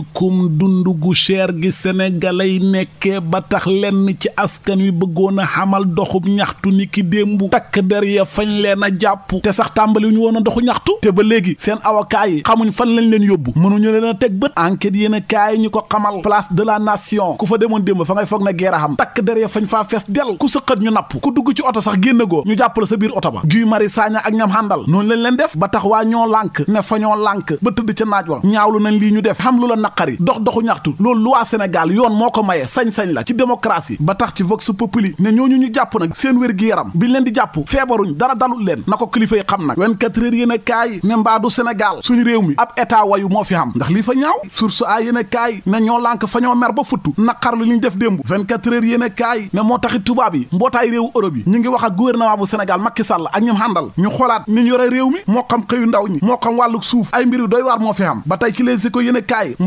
mbikum dund gu cher gi sénégalais yi wi bëggoon a xamal doxub ñaxtu ni ki démbu takk der ya fañ leen a jàpp te sax tàmbali ñu woon a doxu ñaxtu te ba léegi seen avocat yi fan lañ leen yóbbu mënuñu leen a teg bët enquête yéen a kaay ñu ko xamal place de la ku fa demoon démb fa ngay foog na geer a xam takk der ya fañ faa fees del ku sëqat ñu napp ku dugg ci oto sax génn goo ñu jàppale sa biir oto ba Guy Marius Sagna ak ñam xàndal noonu lañ leen def ba tax waa ñoo lànk ne fa ñoo lànk ba tëdd ca naaj wa ñaawlu nañ lii ñu def xam lu la naqari dox doxu ñaxtu loolu loi Sénégal yoon moo ko maye sañ-sañ la ci démocratie ba tax ci vox populi ne ñooñu ñu jàpp nag seen wér-gi-yaram biñ leen di jàpp feebaruñ dara dalul leen na ko kilifa xam nag 24 heures yéen kaay ne mbaadu Sénégal suñu réew mi ab état wayu moo fi xam ndax lii fa ñaaw source a yéen a kaay ne ñoo lànk fa ñoo mer ba futtu naqarlu li ñu def démb 24 heures yéen a kaay ne moo taxi tubaab yi mbootaay réewu Europe yi ñu ngi wax ak gouvernement bu Sénégal Macky Sall ak ñum xàndal ñu xoolaat ñi moo xam wàllu suuf ay mbir yu doy ba tey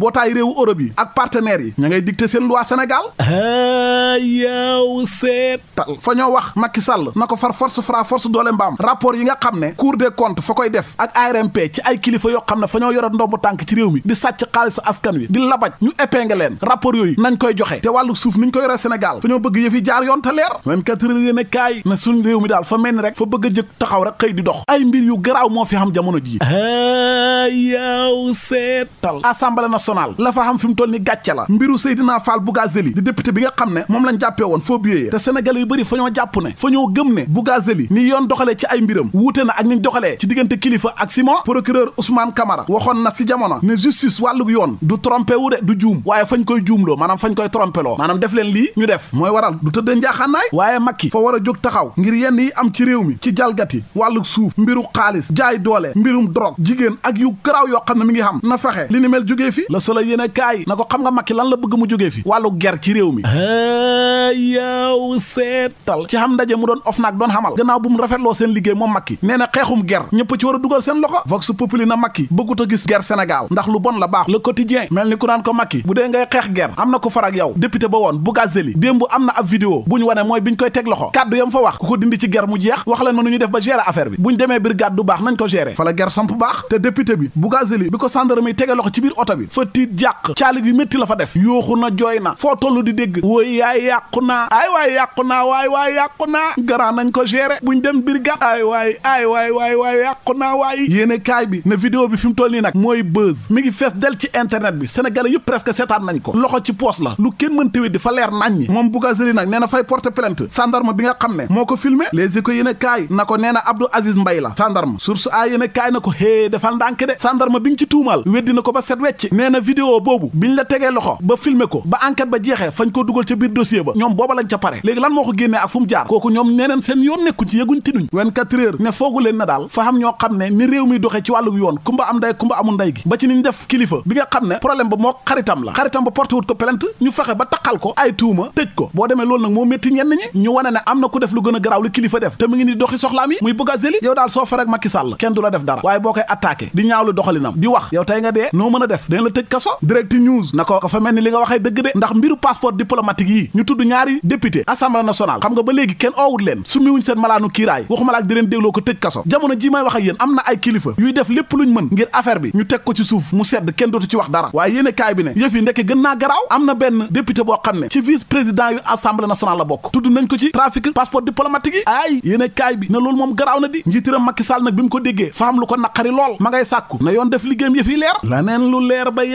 mbootaay réewu Europe yi ak partenaires yi ña ngay dicté seen loi Sénégal a yow seetal fa ñoo wax Macky Sall na ko far force fra force doole mbaam rapport yi nga xam ne Cour des comptes fa koy def ak ARMP ci ay kilifa yoo xam ne fa ñoo yore ndombu tànk ci réew mi di sàcc xaalisu askan wi di labaj ñu épingle leen rapport yooyu nañ koy joxe te wàllu suuf niñ ko yore Sénégal fa ñoo bëgg yëf yi jaar yoon te leer 24 heures yéen a kaay na suñ réew mi daal fa mel ni rek fa bëgg a jëkk taxaw rek xëy dox ay mbir yu garaaw moo fi xam jamono jii yow seetal assemblée nationale la fa xam fi mu toll ni gàcce la mbiru Seydina Fall Bougazeli di député bi nga xam ne moom lañ jàppee woon foo biyee te sénégalais yu bëri fa ñoo ne fa gëm ne Bougazeli ni yoon doxalee ci ay mbiram wuute na ak niñ doxalee ci diggante kilifa ak Simon procureur Ousmane Camara waxoon na si jamono ne justice wàllug yoon du trompé wu de du juum waaye fañ koy juumloo maanaam fañ koy trompé loo maanaam def leen lii ñu def mooy waral du tëddee njaaxaanaay waaye Macky fa war a jóg taxaw ngir yenn yi am ci mi ci jalgati wàllug suuf mbiru xaalis jaay doole mbirum drogue jigéen ak yu garaaw yoo xam ne mi ngi xam na fexe li solo yéen a kaay na ko xam nga Macky lan la bëgg mu jógee fi wàllu ger ci réew mi yaaw seetal ci xam ndaje mu doon of naag doon xamal gannaaw bu mu rafetloo seen liggéey moom Macky nee xeexum ger ñëpp ci war a dugal seen loxo vox populi na Macky bëggut a gis ger Sénégal ndax lu bon la baax le quotidien mel ni ku naan ko Macky bu dee ngay xeex ger am na ko farak yow député ba woon Bougazeli démb am na ab vidéo bu ñu wane mooy biñ koy teg loxo kàddu yam fa wax ci ger mu jeex wax leen ma ñu def ba gérer affaire bi buñ demee brigade du baax nañ ko gérer fa te député bi Bougazeli bi ko gendarme yi tege loxo ci biir oto bi tiit jàq caalig yu métti la fa def yooxu na jooy na foo toll di dégg wooy yaay yàqu na ay waay yàqu naa waay waay yàqu naa garant nañ ko géré buñ dem brigade ay waay ay waay waay waay yàqu naa waay yéene kaay bi ne vidéo bi fi mu toll nii nag mooy buzz mi ngi fees del ci internet bi sénégalais yëpp presque seetaan nañ ko loxo ci poos la lu kenn mën tawit di fa leer nañ ñi moom Bougazelli nag nee na fay porter plainte sandarma bi nga xam ne moo ko filmé les échos yéene kaay na ko nee na Abdou Aziz Mbaye la sandarma source a yéene na ko hée defal ndànk de sandarma ci tuumal vidéo boobu biñ la tegee loxo ba filmer ko ba enquête ba jeexee fañ ko dugal ca biir dossier ba ñoom booba lañ ca pare léegi lan moo ko génnee ak fu jaar kooku ñoom neneen seen yoon nekku ci yëguñ tinuñ 24 heures ne foogu leen na daal fa ñoo xam ne ni réew mi doxee ci wàllu yoon kumba am nday kumba amul nday gi ba ci niñ def kilifa bi nga xam ne problème ba moo xaritam la xaritam ba porté wut ko plainte ñu fexe ba taqal ko ay tuuma tëj ko boo demee loolu nag moo métti ñenn ñi ñu wane ne am na ku def a garaaw li kilifa def a a def dañ la kaso direct news na ko ko fa mel ni li nga waxee dëgg de ndax mbiru passeport diplomatique yi ñu tudd ñaari député assemblée nationale xam nga ba léegi kenn oowut leen summiwuñ seen malaanu kiiraay waxuma laak dégloo ko tëj kaso jamono ji may wax ak yéen am na ay kilifa yuy def lépp luñ mën ngir affaire bi ñu teg ko ci suuf mu sedd kenn dootu ci wax dara waaye yéene kaay bi ne yëf yi ndekk gën naa garaaw am na benn député boo xam ne ci vice président yu assemblée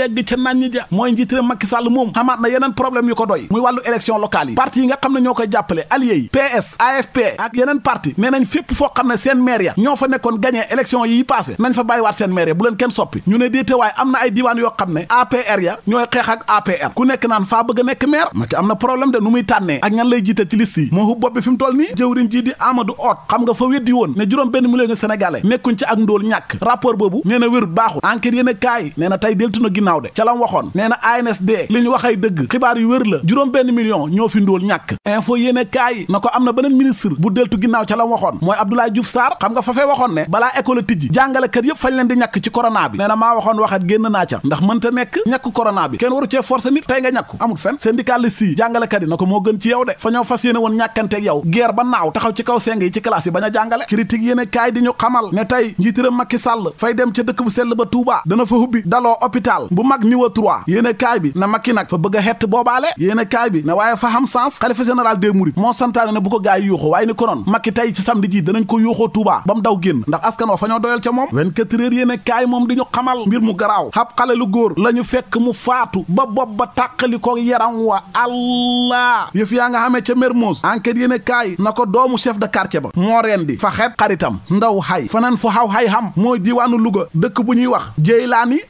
yegg ca naan mooy njiitëram Macky Sall moom xamaat yeneen problème yu ko doy muy wàllu élection locale yi parti nga xam ne ñoo koy jàppale allié yi PS AFP ak yeneen parti nee nañ foo xam ne seen maire ya ñoo fa nekkoon gagné élection yi passé nañ fa bàyyiwaat seen maire ya bu kenn soppi ñu ne déetewaay am na ay diiwaan yoo xam ne APR ya ñooy xeex ak APR ku nekk naan faa bëgg nekk maire Macky am na problème de nu muy tànnee ak ñan lay jiite ci liste garaaw de ca lam waxoon nee ANSD li ñu wax ay dëgg xibaar yu wér la juróom benn million ñoo fi ndóol ñàkk info yéene kaay na ko am na beneen ministre bu deltu ginnaaw ca lam waxoon mooy Abdoulaye Diouf Sarr xam nga fafee waxoon ne balaa école tijji jàngalekat yépp fañ leen di ñàkk ci corona bi nee maa waxoon waxat génn naa ca ndax mënta nekk ñàkk corona bi kenn waru cee force nit tey nga ñàkku amul fen syndicaliste jàngalekat yi na ko moo gën ci yow a jàngale critique yéene kaay ba Touba mag niveau 3 yéene kaay bi na Macky nag fa bëgg a xett boobaale yéene kaay bi ne waaye fa xam sens xalifa général des mourides moo santaane ne bu ko gaay yi waaye ni konoon Macky tey ci samedi ji danañ ko yuuxoo Touba ba mu daw génn ndax askan wa fa ñoo doyal ca moom 24 heures yéene kaay moom di ñu xamal mbir mu garaaw xab xale lu góor la ñu fekk mu faatu ba bopp ba tàqali ko yaram wa allah yëf yaa nga xamee ca Mermoz enquête yéene ka na ko doomu chef de quartier ba moo reen di fa xet xaritam ndaw xay fanaan fu xaw xay xam mooy diiwaanu Louga dëkk bu ñuy wax Jeylaani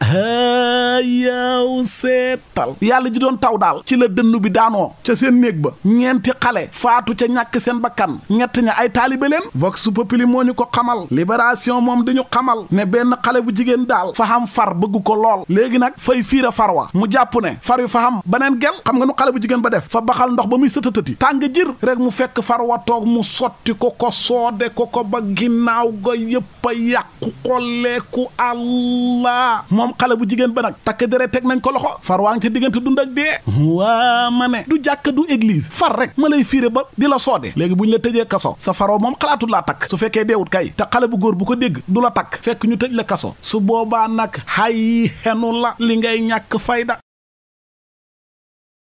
yaaw seetal yàlla ji doon taw daal ci la dënn bi daanoo ca seen néeg ba ñeenti xale faatu ca ñàkk seen bakkan ñett ña ay taalibe leen vox populi moo ñu ko xamal libération moom dañu xamal ne benn xale bu jigéen daal fa xam far bëgg ko lool léegi nag fay fiir a far wa mu jàpp ne far yu fa xam baneen gel xam nga nu xale bu jigéen ba def fa baxal ndox ba muy sëtatati tàng jir rek mu fekk far wa toog mu sotti ko ko soode ko ko ba ginnaaw ga yëpp a yàqu xolleeku allah moom xale bu jigéen ba nag takk dere teg nañ ko loxo far waa ngi ca diggante dund ak dee waa ma ne du jàkk du église far rek ma lay fiire ba di la soode léegi bu ñu la tëjee kaso sa faroo moom xalaatul laa takk su fekkee deewut kay te xale bu góor bu ko dégg du la takk fekk ñu tëj la kaso su boobaa nag xay xenu la li ngay ñàkk fayda